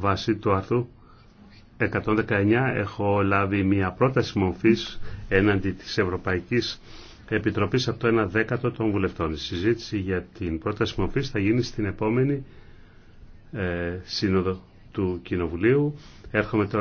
Βάσει του άρθρου 119 έχω λάβει μια πρόταση μορφής έναντι της Ευρωπαϊκής Επιτροπής από το 1 δέκατο των βουλευτών. Η συζήτηση για την πρόταση μορφής θα γίνει στην επόμενη ε, σύνοδο του Κοινοβουλίου. Έρχομαι τώρα